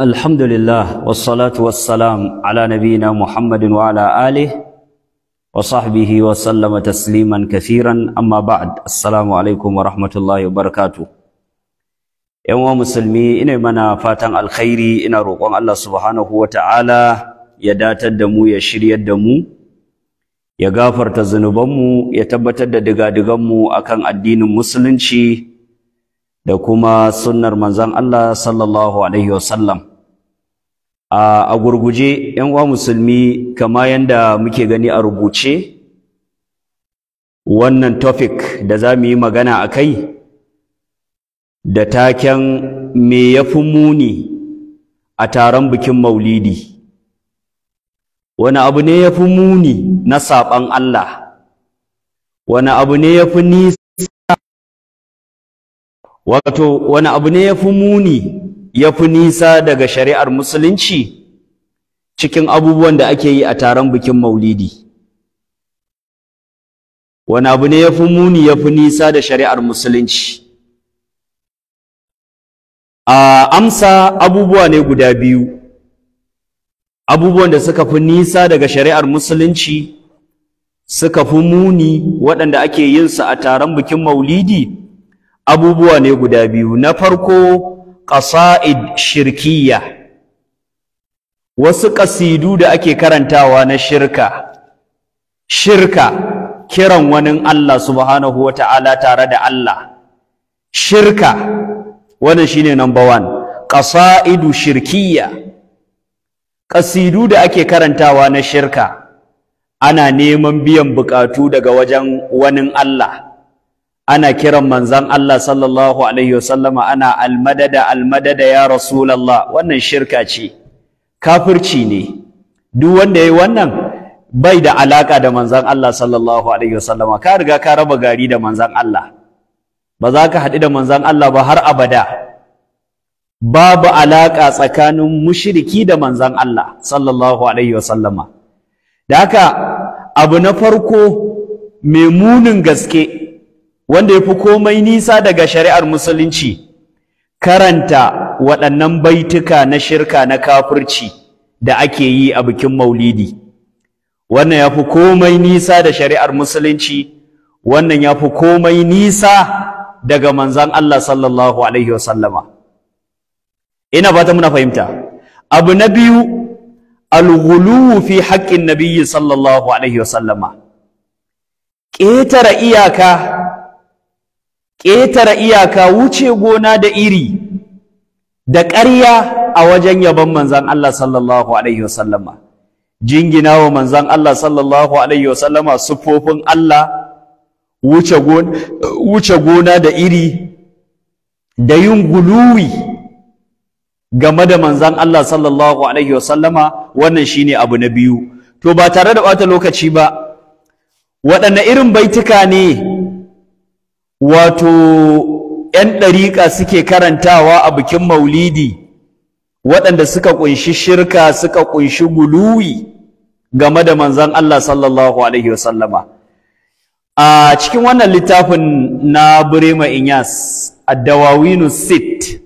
Alhamdulillah wassalatu wassalam ala nabiyyina Muhammadin wa ala alihi wa sahbihi wa sallama tasliman katsiran amma ba'd assalamu alaikum wa rahmatullahi wa barakatuh musulmi ina mana fatan alkhairi ina roƙon Allah subhanahu wa ta'ala ya datar da mu ya shiryar da mu ya gafarta mu, ya tabbatar da mu akan addinin musulunci da kuma sunnar manzon Allah sallallahu alaihi wa sallam a gurguje yan uwa musulmi kama yadda muke gani a rubuce wannan topic da za mu yi magana a kai da taken me ya fi muni a taron bikin maulidi wani abu ne ya fi muni na saɓan Allah wani abu ne ya fi nisa wato wani abu ne ya fi muni ya fi nisa daga shari'ar musulunci cikin abubuwan da ake yi a taron bikin maulidi wani abu ne ya fi muni ya fi nisa da shari'ar musulunci a amsa abubuwa ne guda biyu abubuwan da suka fi nisa daga shari'ar musulunci suka fi muni waɗanda ake yin su a taron bikin maulidi abubuwa ne guda biyu na farko ƙasa'id shirkiya wasu ƙasidu da ake karantawa na shirka shirka kiran wani Allah subhanahu wa ta'ala tare da Allah shirka wannan shine number one ƙasa'idu shirkiya ƙasidu da ake karantawa na shirka ana neman biyan buƙatu daga wajen wani Allah ana kiran manzan Allah sallallahu alaihi wasallama ana almadada almadada ya rasulallah. wannan shirka ce kafirci ne duk wanda yayi wannan bai da alaka da manzan Allah sallallahu alaihi wasallama ka riga ka raba gari da manzan Allah ba za ka haɗu da manzan Allah ba har abada babu alaka tsakanin mushiriki da manzan Allah sallallahu alaihi wasallama da haka abu na farko mai munin gaske wanda ya fi komai nisa daga shari'ar musulunci karanta waɗannan baituka na shirka na kafirci da ake yi a bikin maulidi wannan ya fi komai nisa da shari'ar musulunci wannan ya fi komai nisa daga manzan Allah sallallahu alaihi wasallama ina fata muna fahimta abu na biyu alghuluwu fi haƙƙin nabiyyi sallallahu alaihi wasallama ƙetare iyaka ƙetare iyaka wuce gona da iri da ƙarya a wajen yabon manzan Allah sallallahu alaihi wasallama jingina wa manzan Allah sallallahu alaihi wasallama Allah wuce gona da iri da yin guluwi game da manzan Allah sallallahu alaihi wasallama wannan shine abu na biyu to ba tare da ɓata lokaci ba waɗanne irin baituka ne wato 'yan ɗariƙa suke karantawa a bikin maulidi waɗanda suka ƙunshi shirka suka ƙunshi guluwi game da manzan Allah sallallahu alaihi wasallama a cikin wannan littafin na Burema Inyas Addawawinu Sit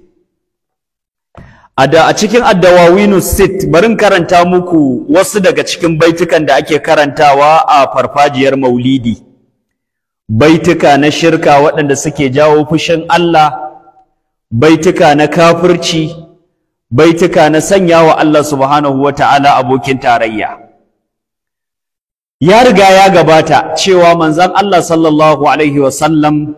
a cikin Addawawinu Sit barin karanta muku wasu daga cikin baitukan da ake karantawa a farfajiyar maulidi baituka na shirka waɗanda suke jawo fushin Allah baituka na kafirci baituka na sanya wa Allah subhanahu wa ta'ala abokin tarayya ya riga ya gabata cewa manzan Allah sallallahu alaihi wasallam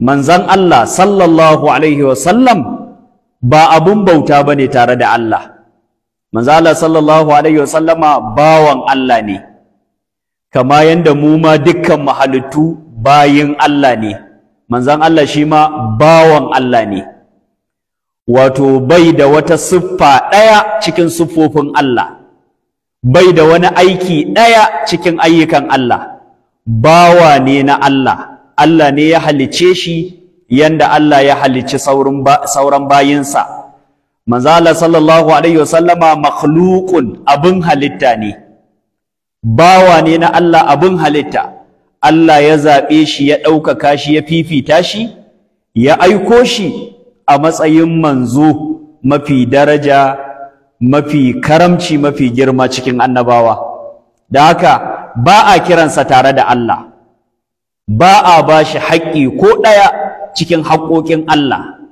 manzan Allah sallallahu alaihi wasallam ba abun bauta ba ne tare da Allah manzan Allah sallallahu alaihi wasallama bawan Allah ne kama yanda mu ma dukkan mahalittu bayin Allah ne manzon Allah shi ma bawan Allah ne wato bai da wata siffa ɗaya cikin siffofin Allah bai da wani aiki ɗaya cikin ayyukan Allah bawa ne na Allah Allah ne ya halice shi yanda Allah ya halice sauran bayinsa manzo Allah sallallahu alaihi wasallama makhluqun abin halitta ne bawa ne na Allah abin halitta Allah ya zaɓe shi ya ɗaukaka shi ya fifita shi ya aiko shi a matsayin manzo mafi daraja mafi karamci mafi girma cikin annabawa da haka ba a kiransa tare da Allah ba a ba shi haƙƙi ko ɗaya cikin haƙƙoƙin Allah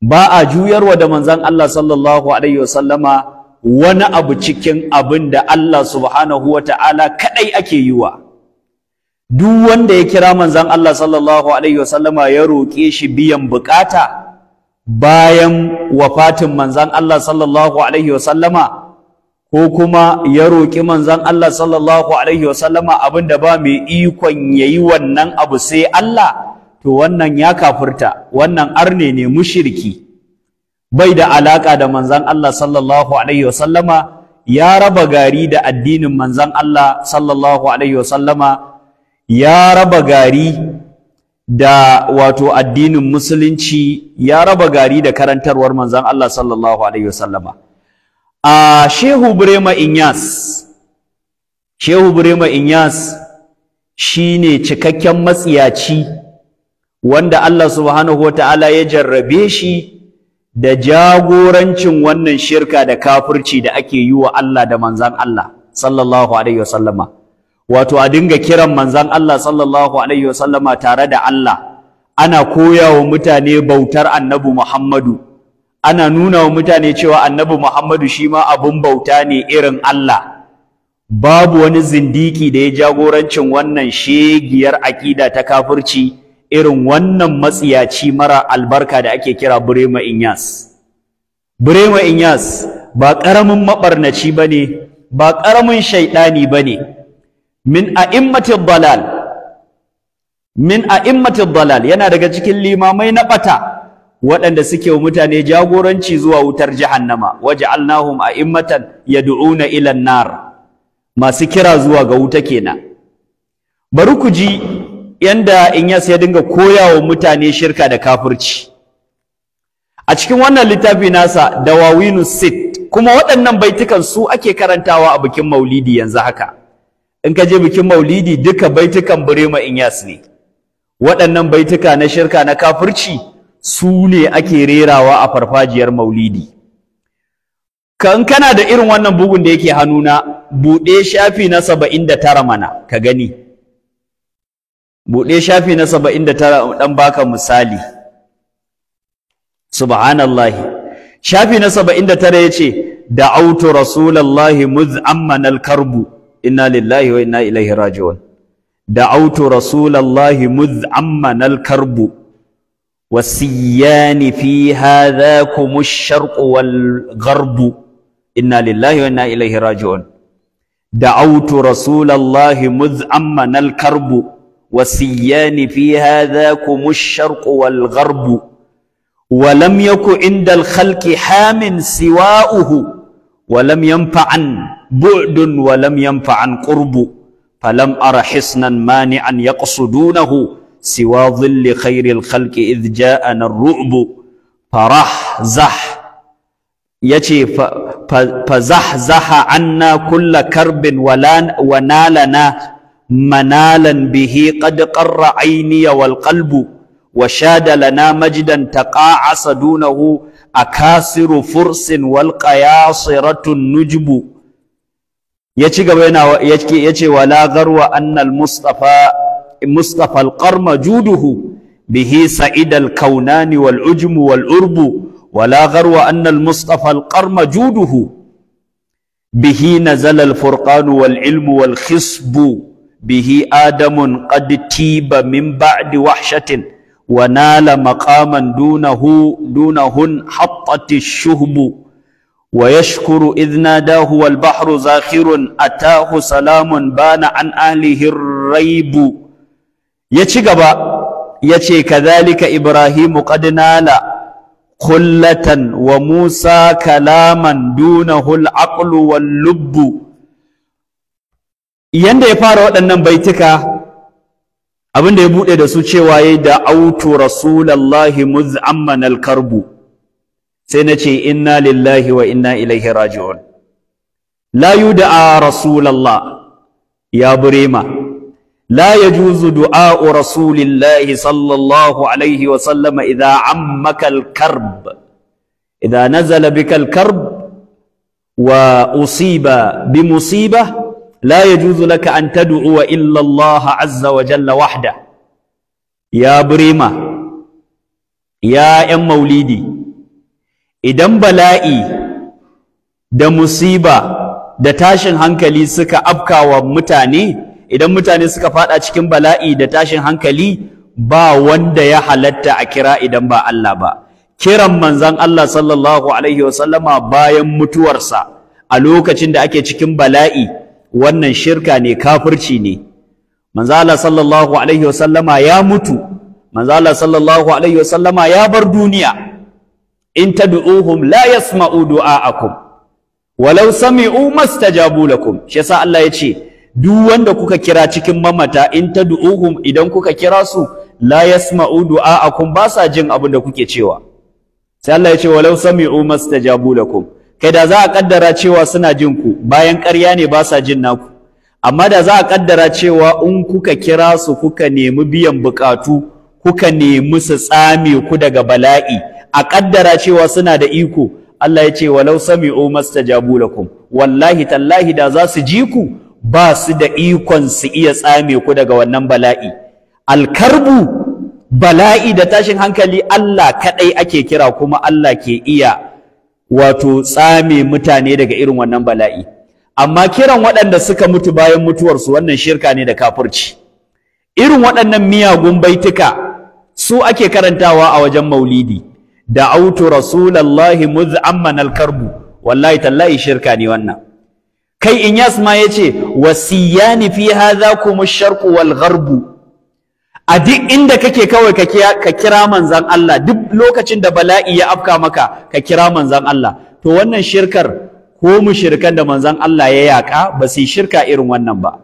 ba a juyarwa da manzan Allah sallallahu alaihi wasallama wani abu cikin abin da Allah subhanahu wa ta'ala kaɗai ake yi wa duk wanda ya kira manzan Allah sallallahu alaihi wasallama ya roƙe shi biyan buƙata bayan wafatin manzan Allah sallallahu alaihi wasallama ko kuma ya roƙi manzan Allah sallallahu alaihi wasallama abin da ba mai ikon ya yi wannan abu sai Allah to wannan ya kafurta wannan arne ne mushirki bai da alaka da manzan Allah sallallahu alaihi wasallama ya raba gari da addinin manzan Allah sallallahu alaihi wasallama ya raba gari da wato addinin musulunci ya raba gari da karantarwar manzan Allah sallallahu alaihi wasallama a Shehu Burema Inyas Shehu Burema Inyas shine cikakken matsiyaci wanda Allah subhanahu ta'ala ya jarrabe shi da jagorancin wannan shirka da kafirci da ake yi wa Allah da manzan Allah sallallahu alaihi wasallama wato a dinga kiran manzan Allah sallallahu alaihi wasallama tare da Allah ana koya wa mutane bautar annabi Muhammadu ana nuna wa mutane cewa annabi Muhammadu shi ma abin bauta ne irin Allah babu wani zindiki da ya jagorancin wannan shegiyar aƙida ta kafirci irin wannan matsiyaci mara albarka da ake kira Burema Inyas. Burema Inyas ba ƙaramin maɓarnaci ba ne, ba ƙaramin shaiɗani ba ne, min immatin dalal, min immatin dalal yana daga cikin limamai na ɓata waɗanda suke wa mutane jagoranci zuwa wutar waje a immatan ya du'una ilan nar. Masu kira zuwa ga wuta kenan. Bari ku ji yanda Inyas ya dinga koyawa mutane shirka da kafirci a cikin wannan littafi nasa dawawinu sit kuma waɗannan baitukan su ake karantawa a bikin maulidi yanzu haka in ka je bikin maulidi duka baitukan burema Inyas ne waɗannan baituka na shirka na kafirci su ne ake rerawa a farfajiyar maulidi kan kana da irin wannan bugun da yake hannuna buɗe shafi na saba'in da tara mana ka gani buɗe shafi na saba'in da tara ɗan baka misali subhanallahi shafi na saba'in da tara ya ce da'autu rasulallahi muz'amman karbu. inna lillahi wa inna ilaihi raji'un da'autu rasulallahi muz'amman karbu. wasiyani fi hadhakum ash-sharq wal gharb inna lillahi wa inna ilaihi raji'un da'autu rasulallahi muz'amman karbu. وسيان في هذاكم الشرق والغرب ولم يك عند الخلق حام سواؤه ولم ينفع عن بعد ولم ينفع عن قرب فلم أر حصنا مانعا يقصدونه سوى ظل خير الخلق إذ جاءنا الرعب فرح زح يجي فزحزح عنا كل كرب ولا ونالنا manalan bihi qad qarra ayniya wal qalbu wa shada lana majdan taqa'asa dunahu akasiru fursin wal qayasiratun nujbu ya ci gaba yana yace wala garwa annal mustafa mustafa al qarma juduhu bihi sa'id al kaunani wal ujmu wal urbu wala garwa annal mustafa al qarma juduhu bihi nazala al furqan wal ilmu wal khisbu bihi adamun qad tiba min ba'di wahshatin wa nala maqaman dunahu dunahun hattati shuhbu wa yashkuru idh nadahu wal bahru zakhirun atahu salamun bana an ahlihi raibu ya ci gaba yace kadhalika ibrahimu qad nala kullatan wa Musa kalaman dunahul aqlu wal lubbu yanda ya fara waɗannan baitika abin da ya bude da su cewa yayi da autu rasulullahi muz'amman alkarbu sai nace inna lillahi wa inna ilaihi raji'un la yud'a rasulullah ya burema لا يجوز دعاء رسول الله صلى الله عليه وسلم إذا عمك الكرب إذا نزل بك الكرب وأصيب بمصيبة la yajuzu laka an ta du'uwa Allah azza wa jalla wahda ya burema ya ƴan maulidi idan bala'i da musiba da tashin hankali suka afkawa mutane idan mutane suka fada cikin bala'i da tashin hankali ba wanda ya halatta a kira idan ba Allah ba kiran manzon Allah sallallahu alaihi wasallama bayan mutuwarsa a lokacin da ake cikin bala'i wannan shirka ne kafirci ne Manzala sallallahu alaihi wasallama ya mutu Manzala sallallahu alaihi wasallama ya bar duniya in tad'uhum la yasma'u du'a'akum walau sami'u mastajabu lakum shi yasa Allah ya ce duk wanda kuka kira cikin mamata in tad'uhum idan kuka kira su la yasma'u du'a'akum ba sa jin abin da kuke cewa sai Allah ya ce walau sami'u mastajabu lakum kai da za a kaddara cewa suna jin ku bayan ƙarya ne ba sa jin naku amma da za a kaddara cewa in kuka kira su kuka nemi biyan bukatu kuka nemi su tsame ku daga bala'i a kaddara cewa suna da iko Allah ya ce walau sami'u mastajabu lakum wallahi tallahi da za su ji ku ba su da ikon su iya tsame ku daga wannan bala'i alkarbu bala'i da tashin hankali Allah kadai ake kira kuma Allah ke iya wato tsame mutane daga irin wannan bala'i amma kiran waɗanda suka mutu bayan mutuwarsu wannan shirka ne da kafirci irin waɗannan miyagun baituka su ake karantawa a wajen maulidi da autu rasulallahi muz alkarbu wallahi tallahi shirka ne wannan kai inyas ma yace wasiyani fi hadha kum sharqu wal gharbu a duk inda kake kawai ka kira manzan Allah duk lokacin da bala'i ya afka maka ka kira manzan Allah to wannan shirkar ko mushirkan da manzan Allah ya yaƙa ba su shirka irin wannan ba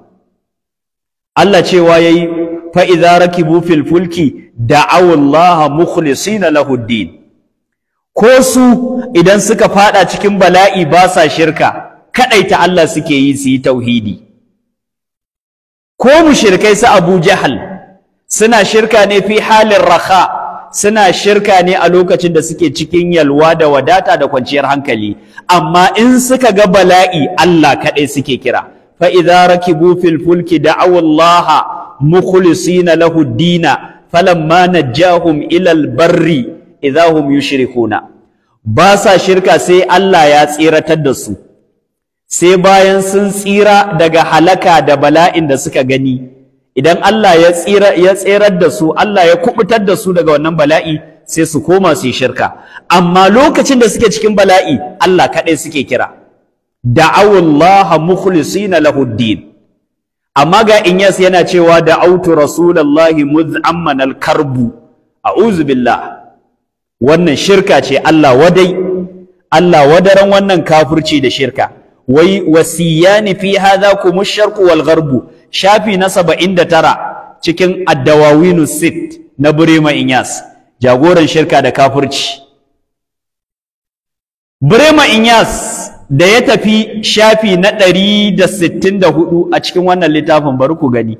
Allah cewa yayi fa idza rakibu fil fulki da'awu Allah mukhlisina lahu din ko su idan suka fada cikin bala'i ba sa shirka kadaita Allah suke yi su yi tauhidi ko mu shirkai su Abu Jahal suna shirka ne fi halin raha suna shirka ne a lokacin da suke cikin yalwa da wadata da kwanciyar hankali amma in suka ga bala'i Allah kaɗai suke kira fa idza rakibu fil fulki da'aw Allah mukhlisina lahu dina falamma najjahum ila al barri idza hum yushrikuna ba sa shirka sai Allah ya tsiratar da su sai bayan sun tsira daga halaka da bala'in da suka gani idan Allah ya tsira tserar da su Allah ya kubutar da su daga wannan bala'i sai su koma su yi shirka amma lokacin da suke cikin bala'i Allah kaɗai suke kira da'awullaha mukhlisina lahuddin amma ga Inyas yana cewa da'autu rasulallahi mudh amman karbu a'udhu billah wannan shirka ce Allah wadai Allah wadaran wannan kafirci da shirka wai wasiyani fi hadha kumush sharqu wal gharbu shafi na saba'in da tara cikin addawawinu sit na Burema Inyas jagoran shirka da Kafurci. Burema Inyas da ya tafi shafi na ɗari da sittin da hudu a cikin wannan littafin bari ku gani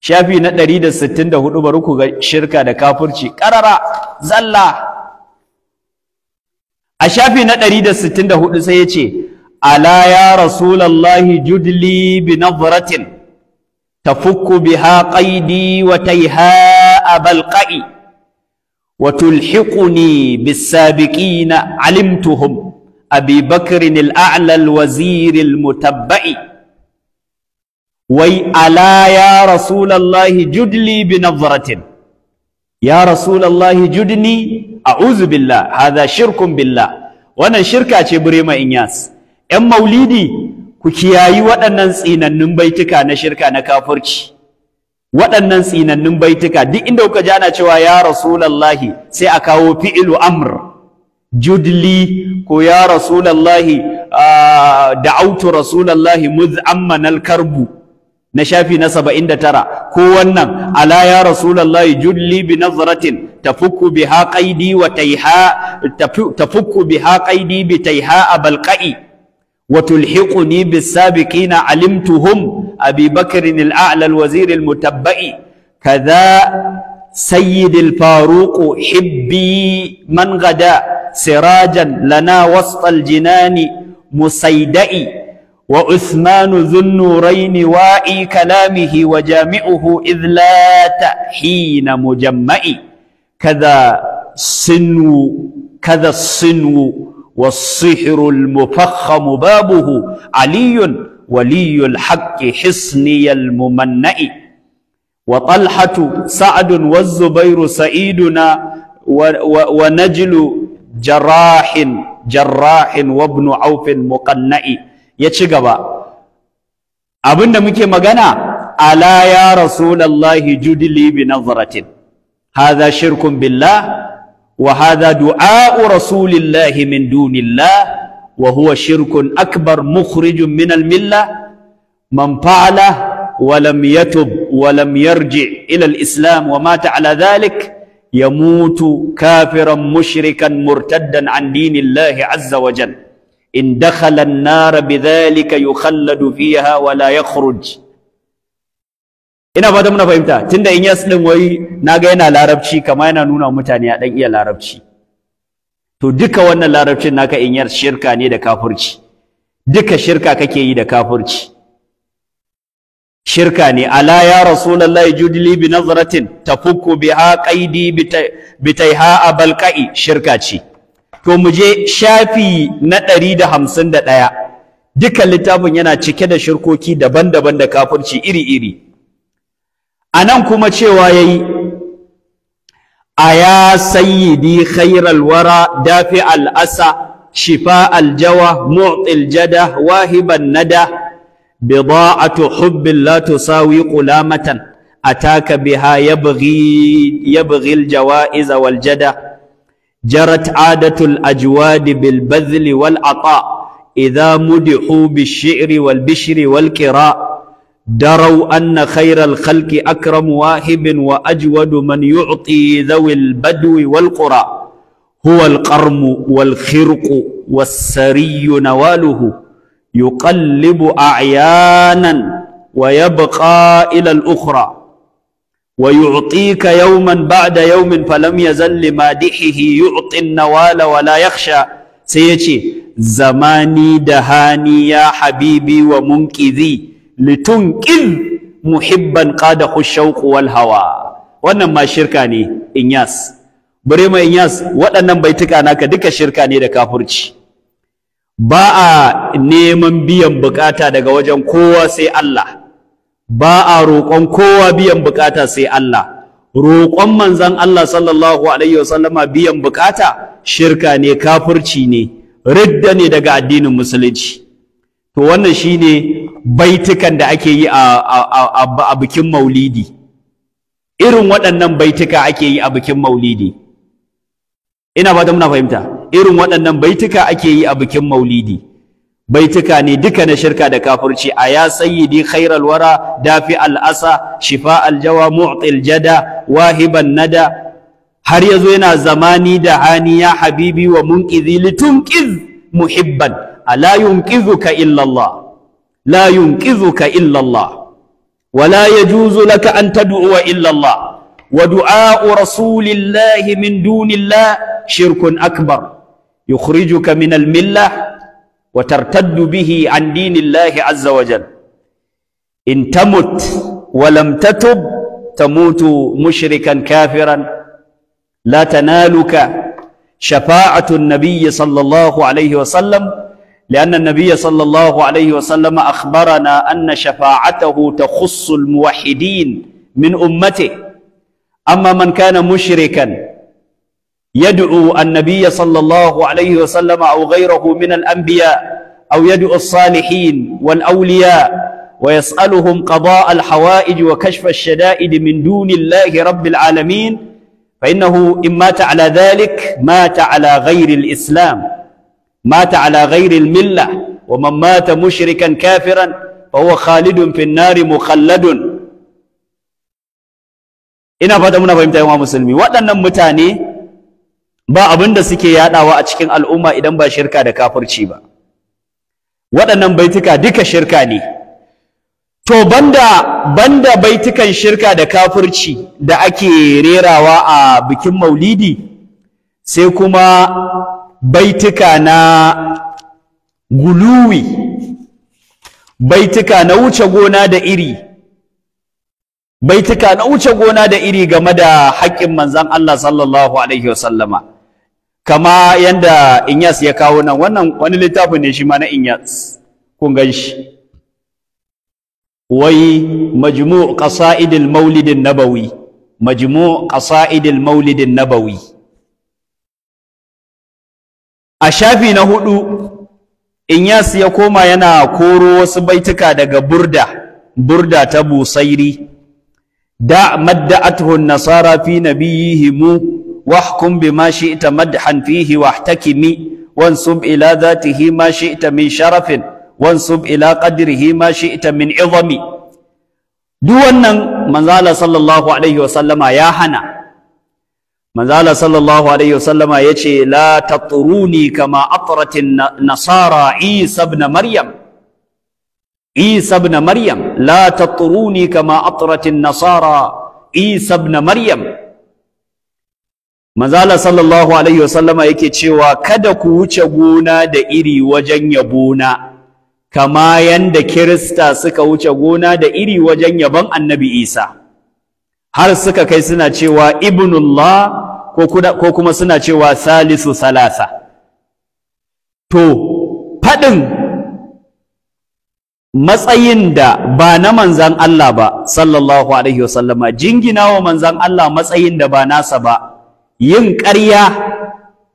shafi na ɗari da sittin da hudu bari ku ga shirka da kafurci ƙarara zalla a shafi na ɗari da sittin da hudu sai ya ce ala ya rasulallahi judli bi nazratin tafukku biha qaidi wa taiha abalqai wa tulhiquni bisabiqina alimtuhum abi bakrin al-a'la al mutabbai wai ala ya rasulallahi judli bi nazratin ya rasulallahi judni a'udhu billah hadha shirkun billah wannan shirka ce burema inyas ‘yan maulidi ku kiyayi waɗannan tsinannun baituka na shirka na kafirci waɗannan tsinannun baituka duk inda kuka ji ana cewa ya rasulallahi sai a kawo fi'ilu amr judli ko ya rasulallahi da'autu rasulallahi muz ammanal karbu na shafi na saba'in da tara ko wannan ala ya rasulallahi judli bi nazratin tafukku bi qaidi wa taiha tafukku biha qaidi bi taiha وتلحقني بالسابقين علمتهم أبي بكر الأعلى الوزير المتبئي كذا سيد الفاروق حبي من غدا سراجا لنا وسط الجنان مسيدئي وعثمان ذو النورين وائي كلامه وجامعه إذ لا تحين مجمئي كذا سنو كذا السنو والصحر المفخم بابه علي ولي الحق حصني الممنئ وطلحة سعد والزبير سعيدنا ونجل جراح جراح وابن عوف مقنئ يتشغبا أبن مكي مغانا ألا يا رسول الله جدلي بنظرة هذا شرك بالله وهذا دعاء رسول الله من دون الله وهو شرك أكبر مخرج من الملة من فعله ولم يتب ولم يرجع إلى الإسلام ومات على ذلك يموت كافرا مشركا مرتدا عن دين الله عز وجل إن دخل النار بذلك يخلد فيها ولا يخرج ina fata muna fahimta tunda in yas din wai naga yana larabci kamar yana nuna mutane ya dan iya larabci to duka wannan larabcin naka in yar shirka ne da kafirci duka shirka kake yi da kafirci shirka ne ala ya rasulullahi judli bi nazratin tafukku biha qaidi bitaiha abalqai shirka ce to mu je shafi na 151 duka littafin yana cike da shirkoki daban-daban da kafirci iri-iri anan kuma cewa yayi aya sayyidi khairal wara dafi al asa shifa al aljawa mu'til jada wahiban nada bida'atu hubbin la tusawi qulamatan ataka biha yabghi yabghi al jawaiz wal jada جرت عادة الأجواد بالبذل والعطاء إذا مدحوا بالشعر والبشر bish دروا أن خير الخلق أكرم واهب وأجود من يعطي ذوي البدو والقرى هو القرم والخرق والسري نواله يقلب أعيانا ويبقى إلى الأخرى ويعطيك يوما بعد يوم فلم يزل لمادحه يعطي النوال ولا يخشى سيتي زماني دهاني يا حبيبي ومنقذي Litun litunqil muhibban qada shauq wal hawa wannan ma shirka ne inyas mai inyas waɗannan baituka naka duka shirka ne da kafurci ba a neman biyan bukata daga wajen kowa sai Allah ba a roƙon kowa biyan bukata sai Allah roƙon manzon Allah sallallahu alaihi wasallama biyan bukata shirka ne kafurci ne ridda ne daga addinin musulunci to wannan shine baitukan da ake yi a bikin maulidi irin waɗannan baituka ake yi a bikin maulidi ina muna fahimta irin waɗannan baituka ake yi a bikin maulidi baituka ne duka na shirka da kafirci a ya sayyidi khairal wara dafi al'asa shifa aljawa mu'til jada wahiban nada har yazo yana zamani da hani ya habibi wa munqizi litunqiz muhibban ala yunqizuka illa Allah لا ينقذك إلا الله ولا يجوز لك أن تدعو إلا الله ودعاء رسول الله من دون الله شرك أكبر يخرجك من الملة وترتد به عن دين الله عز وجل إن تمت ولم تتب تموت مشركا كافرا لا تنالك شفاعة النبي صلى الله عليه وسلم لأن النبي صلى الله عليه وسلم أخبرنا أن شفاعته تخص الموحدين من أمته أما من كان مشركا يدعو النبي صلى الله عليه وسلم أو غيره من الأنبياء أو يدعو الصالحين والأولياء ويسألهم قضاء الحوائج وكشف الشدائد من دون الله رب العالمين فإنه إن مات على ذلك مات على غير الإسلام مات على غير الملة ومن مات مشركا كافرا فهو خالد في النار مخلد ina fata muna fahimta yawa musulmi waɗannan mutane ba abin da suke yaɗawa a cikin al'umma idan ba shirka da kafirci ba waɗannan baituka duka shirka ne to banda banda baitukan shirka da kafirci da ake rerawa a bikin maulidi sai kuma baituka na guluwi baituka na wuce gona da iri baituka na wuce gona da iri game da haƙƙin manzon Allah sallallahu alaihi wasallama kama yanda Inyas ya kawo nan wannan wani littafin ne shi ma na Inyas kun gan shi wai majmu' qasaidil maulidin nabawi majmu' qasaidil maulidin nabawi a shafi na hudu Inyas ya koma yana koro wasu baituka daga burda burda ta busairi da madda'atuhu nasara fi nabiyihimu wahkum bima shi'ta madhan fihi wahtakimi wansub ila dhatihi ma shi'ta min sharafin wansub ila qadrihi ma shi'ta min izami duk wannan manzala sallallahu alaihi wasallama ya hana manzala sallallahu alaihi wasallama ya ce la tatruni kama atratin nasara isa ibn maryam isa ibn maryam la tatruni kama atratin nasara isa ibn maryam manzala sallallahu alaihi wasallama yake cewa kada ku wuce gona da iri wajen yabona kama yanda kirista suka wuce gona da iri wajen yabon annabi isa har suka kai suna cewa ibnullah ko kuma suna cewa salisu salasa to faɗin matsayin da ba na manzan Allah ba sallallahu alaihi wasallama jingina wa manzan Allah matsayin da ba nasa ba yin ƙarya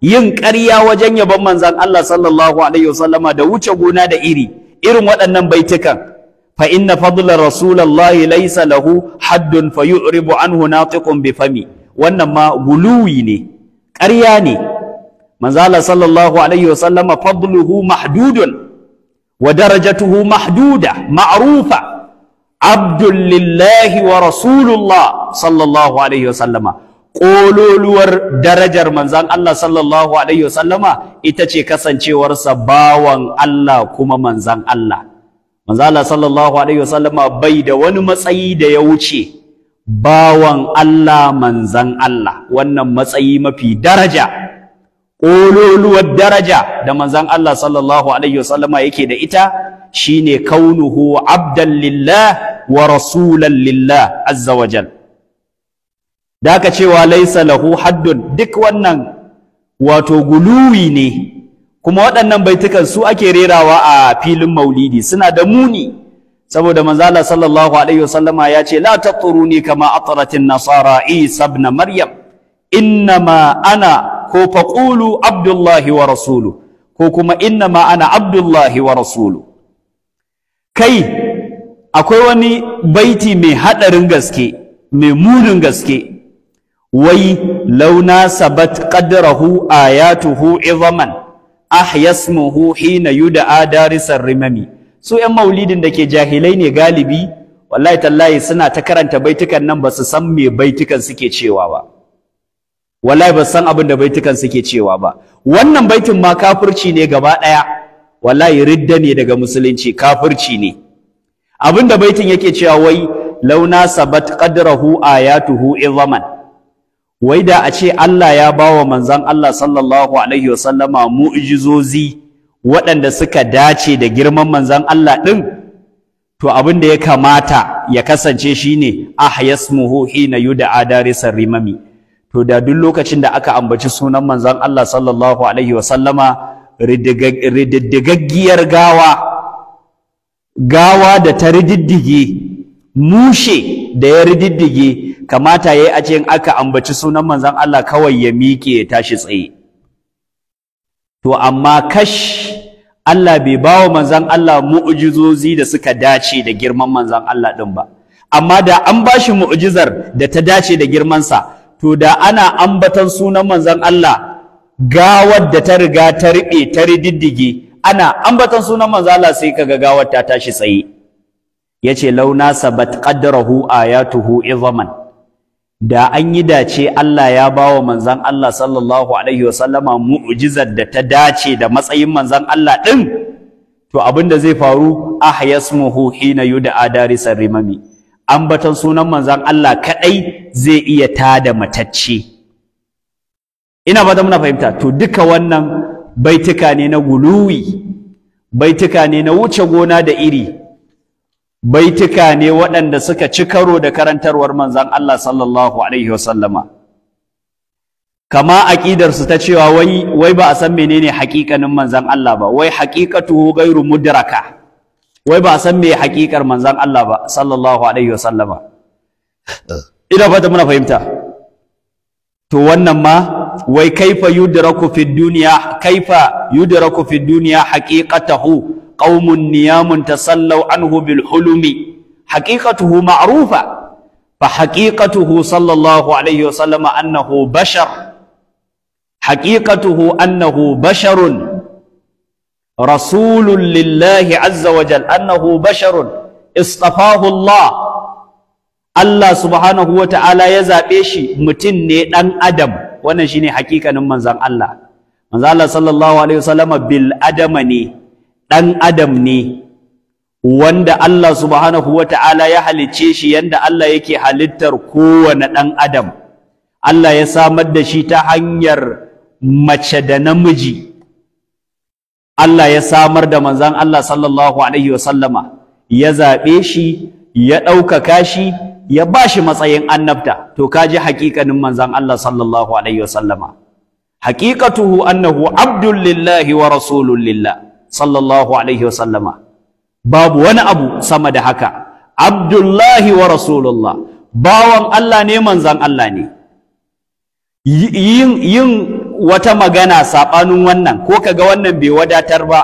yin ƙarya wajen yabon manzan Allah sallallahu alaihi wasallama da wuce gona da iri irin waɗannan baitukan fa inna fadla rasulullahi laysa lahu haddun fayuribu anhu natiqun bi fami wannan ma guluwi ne ƙarya ne manzala sallallahu alaihi wasallama fadluhu mahdudun wa darajatuhu mahduda ma'rufa abdul lillahi wa rasulullah sallallahu alaihi wasallama ƙololuwar darajar manzan Allah sallallahu alaihi wasallama ita ce kasancewarsa bawan Allah kuma manzan Allah manzala sallallahu alaihi wasallama bai da wani matsayi da ya wuce bawan Allah manzan Allah wannan matsayi mafi daraja ƙololuwar daraja da manzan Allah sallallahu alaihi wasallama yake da ita shine kaunuhu abdan lillah wa rasulan lillah azza wajal da aka cewa laisa lahu haddun duk wannan wato guluwi ne kuma waɗannan baitukan su ake rerawa a filin maulidi suna da muni saboda manzala sallallahu alaihi wasallama ya ce la taturuni kama atratin nasara isa ibn maryam innama ana ko faqulu abdullahi wa rasulu ko kuma innama ana abdullahi wa rasulu kai akwai wani baiti mai hadarin gaske mai munin gaske wai launa sabat qadrahu ayatuhu izaman ahya ismuhu hina yud'a darisar rimami su yan maulidin da ke jahilai ne galibi wallahi tallahi suna ta karanta baitukan nan ba su san me baitukan suke cewa ba wallahi ba san abin da baitukan suke cewa ba wannan baitin ma kafurci ne gaba ɗaya wallahi ridda ne daga musulunci kafurci ne abin da baitin yake cewa wai launa sabat qadrahu ayatuhu izaman wai da a ce Allah ya bawa manzon Allah sallallahu alaihi wasallama mu'jizozi waɗanda suka dace da girman manzan Allah ɗin to abin da ya kamata ya kasance shine ahyasmuhu hina yud'a adarisar rimami to da duk lokacin da aka ambaci sunan manzan Allah sallallahu alaihi wasallama rididdigaggiyar gawa gawa da ta rididdige mushe da ya rididdige kamata yayi a ce in aka ambaci sunan manzan Allah kawai ya miƙe ya tashi tsaye to amma kash Allah bai ba wa manzan Allah mu'ujizozi da suka dace da girman manzan Allah ɗin ba amma da an ba shi mu'ujizar da ta dace da girmansa to da ana ambatan sunan manzan Allah gawar da ta riga ta riɓe ta rididdige ana ambatan sunan manzan Allah sai kaga gawar ta tashi tsaye Ya yace launa sabat ya ayatuhu izaman da an yi dace Allah ya ba wa manzan Allah sallallahu alaihi wasallama mu'jizar da ta dace da matsayin manzan Allah ɗin to abin da zai faru a ahyasmuhu hina adari darisar rimami batan sunan manzan Allah kaɗai zai iya tada matacce ina ba muna fahimta to duka wannan baituka ne na guluwi baituka ne na wuce gona da iri baituka ne waɗanda suka ci karo da karantarwar manzan Allah sallallahu alaihi wasallama kama aƙidarsu ta cewa wai wai ba a san menene haƙiƙanin manzan Allah ba wai haƙiƙatuhu gairu mudraka wai ba a san me haƙiƙar manzan Allah ba sallallahu alaihi wasallama ina fata muna fahimta to wannan ma wai kaifa yudraku fid duniya kaifa yudraku fid duniya haqiqatahu qaumun niyamun tasallaw anhu bil hulumi haqiqatuhu ma'rufa fa haqiqatuhu sallallahu alaihi wasallam annahu bashar haqiqatuhu annahu basharun rasulun lillahi azza wa jal annahu basharun istafahu Allah Allah subhanahu wa ta'ala ya zaɓe shi mutum ne ɗan adam wannan shine hakikanin manzan Allah manzan Allah sallallahu alaihi wasallam bil adama ne ɗan adam ne wanda Allah subhanahu wata'ala ya halicce shi yanda Allah yake halittar kowane ɗan adam Allah ya samar da shi ta hanyar mace da namiji Allah ya samar da manzan Allah sallallahu alaihi wasallama ya zaɓe shi ya ɗaukaka shi ya ba shi matsayin annabta to kaji haƙiƙanin manzan Allah sallallahu alaihi wasallama haƙiƙatuhu annahu abdul lillahi wa rasulun sallallahu alaihi wasallama babu wani abu sama da haka abdullahi wa rasulullah bawan Allah ne manzan Allah ne yin wata magana saɓanin wannan ko kaga wannan bai wadatar ba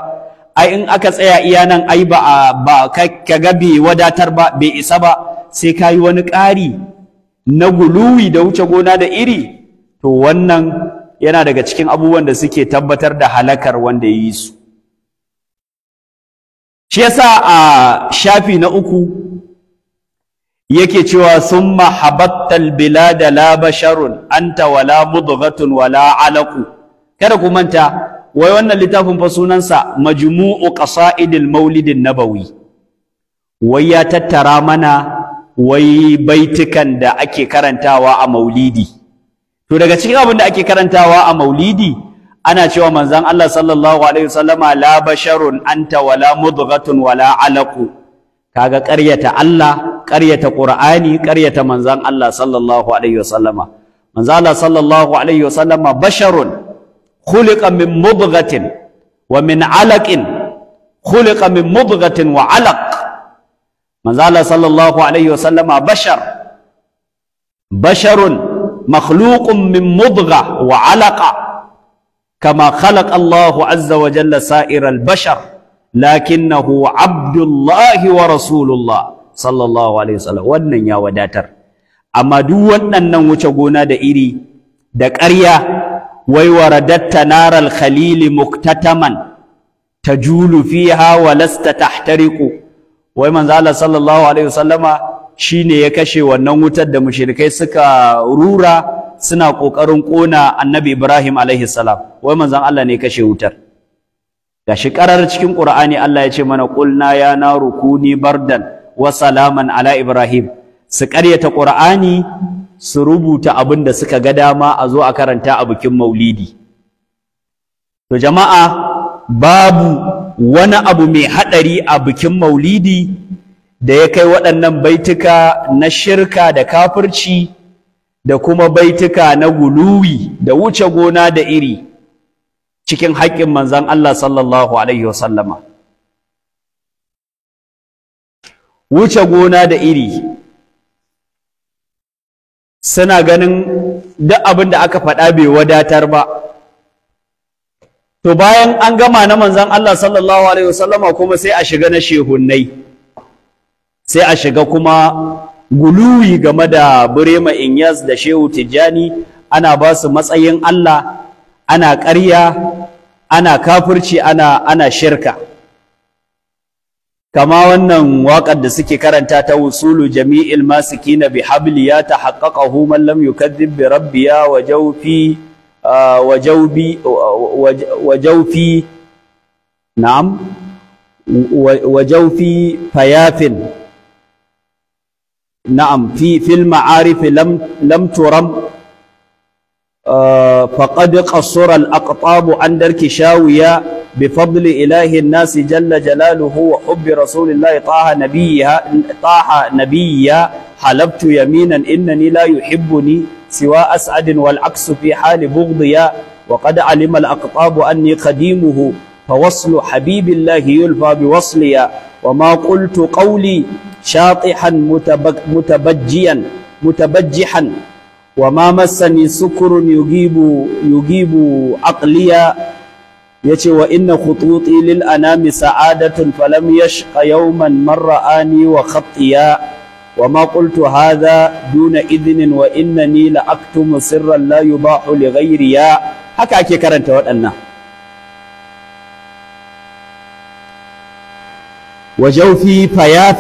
ai in aka tsaya iya nan ai ba ba ga bai wadatar ba bai isa ba sai kayi wani ƙari na guluwi da wuce gona da iri to wannan yana daga cikin abubuwan da suke tabbatar da halakar wanda ya yi su shi yasa a shafi na uku yake cewa sun habattal bilada la an anta wala mudghatun wala alaku kada ku manta wai wannan littafin fa sunansa majmu'u qasaidil maulidin nabawi wai ya tattara mana wai baitukan da ake karantawa a maulidi to daga cikin abin da ake karantawa a maulidi ana cewa manzan Allah sallallahu alaihi wasallama la basharun anta wala mudghatun wala alaqu kaga ƙaryata Allah ƙaryata Qur'ani ƙaryata manzan Allah sallallahu alaihi wasallama manzan Allah sallallahu alaihi wasallama basharun khuliqa min mudghatin wa min alaqin khuliqa min mudghatin wa alaq manzan Allah sallallahu alaihi wasallama bashar basharun makhluqun min mudgha wa alaqa كما خلق الله عز وجل bashar, lakin nahu عبد الله ورسول الله صلى الله عليه وسلم wannan ya wadatar amma duk waɗannan wuce gona da iri da ƙarya wai waradatta naral khalili muktataman tajulu fiha wa lasta tahtariqu wai manzo Allah sallallahu alaihi wasallama shine ya kashe wannan wutar da mushirikai suka rura suna ƙoƙarin ƙona annabi Ibrahim alaihi salam wai manzon Allah ne kashe wutar gashi ƙarar cikin Qur'ani Allah ya ce mana qulna ya naru kuni bardan wa salaman ala Ibrahim su ƙaryata Qur'ani su rubuta abin da suka ga dama a zo a karanta a bikin Maulidi to jama'a babu wani abu mai haɗari a bikin Maulidi da ya kai waɗannan baituka na shirka da kafirci da kuma baituka na guluwi da wuce gona da iri cikin haƙƙin manzan Allah sallallahu alaihi wasallama wuce gona da iri suna ganin duk abin da aka faɗa bai wadatar ba to bayan an gama na manzan Allah sallallahu alaihi wasallama kuma sai a shiga na shehunnai sai a shiga kuma guluwi game da Burema Inyas da Shehu Tijjani ana ba su matsayin Allah ana ƙarya ana kafirci ana ana shirka kama wannan waƙar da suke karanta ta wusulu jami'il masikina bi habli ya tahaqqaqahu man lam yukadhib bi rabbiya wa jawfi ah, wa jawbi wa jawfi na'am wa jawfi fayafin نعم في في المعارف لم لم ترم آه فقد قصر الأقطاب عن درك بفضل إله الناس جل جلاله وحب رسول الله طه نبيها طه نبيا حلبت يمينا إنني لا يحبني سوى أسعد والعكس في حال بغضيا وقد علم الأقطاب أني قديمه فوصل حبيب الله يلفى بوصليا وما قلت قولي شاطحا متبجيا متبجحا وما مسني سكر يجيب يجيب عقليا يتي وإن خطوطي للأنام سعادة فلم يشق يوما من رآني وخطيا وما قلت هذا دون إذن وإنني لأكتم سرا لا يباح لغيريا هكا أكي كرنت وأنا وجوفي فياف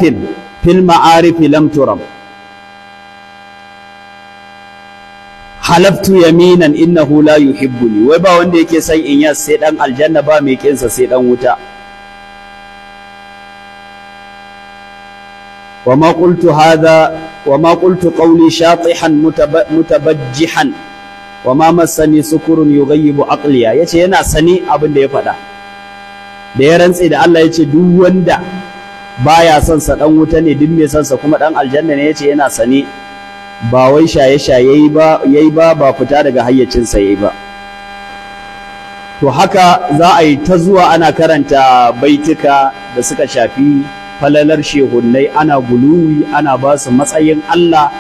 في المعارف لم ترم halaftu yaminan innahu la yuhibbuni wai ba wanda yake san in yas sai dan aljanna ba mai kinsa sai dan wuta وما قلت هذا وما قلت قولي شاطحا متبجحا وما مسني سكر يغيب عقلي yace yana sani abin da ya faɗa da ya rantse da Allah ya ce duk wanda baya son sa dan wuta ne duk mai son sa kuma dan aljanna ne yace yana sane ba wai shaye shaye yayi ba yayi ba ba fita daga hayyacin sa yayi ba to haka za a yi ta zuwa ana karanta baituka da suka shafi falalar shehunnai ana guluwi ana ba su matsayin Allah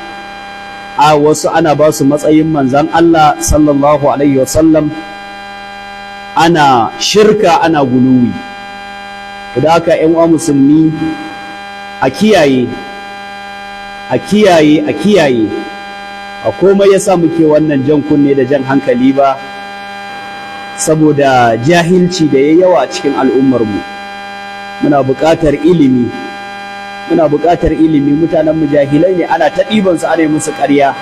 a wasu ana ba su matsayin manzan Allah sallallahu alaihi wasallam ana shirka ana guluwi da haka yan uwa musulmi a kiyaye a kiyaye a kiyaye a komai yasa muke wannan jan kunne da jan hankali ba saboda jahilci da ya yawa cikin al'ummarmu muna buƙatar ilimi muna buƙatar ilimi mutanen mu jahilai ne ana ta ɗibansu ana yi musu ƙarya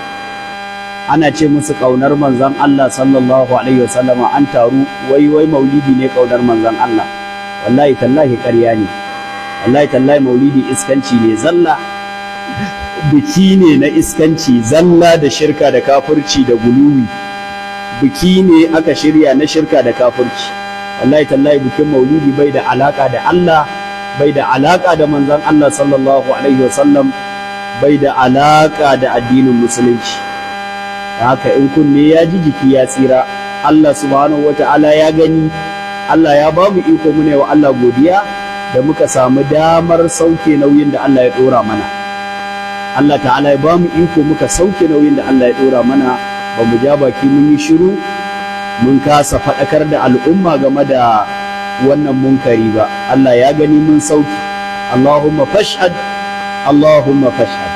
ana ce musu ƙaunar manzon Allah sallallahu alaihi wasallama an taru wai wai maulidi ne ƙaunar manzon Allah wallahi tallahi ƙarya ne wallahi tallahi maulidi iskanci ne zalla biki ne na iskanci zalla da shirka da kafurci da guluwi biki ne aka shirya na shirka da kafurci wallahi tallahi bikin maulidi bai da alaka da Allah bai da alaka da manzon Allah sallallahu alaihi wasallam bai da alaka da addinin musulunci haka in kunne ya ji jiki ya tsira Allah subhanahu wataala ya gani Allah ya ba mu iko mu ne wa Allah godiya da muka samu damar sauke nauyin da Allah ya ɗora mana Allah ta'ala ya ba mu iko muka sauke nauyin da Allah ya ɗora mana ba mu ja baki mun yi shiru mun kasa faɗakar da al'umma game da wannan munkari ba Allah ya gani mun sauke Allahumma fash'ad, Allahumma fash'ad.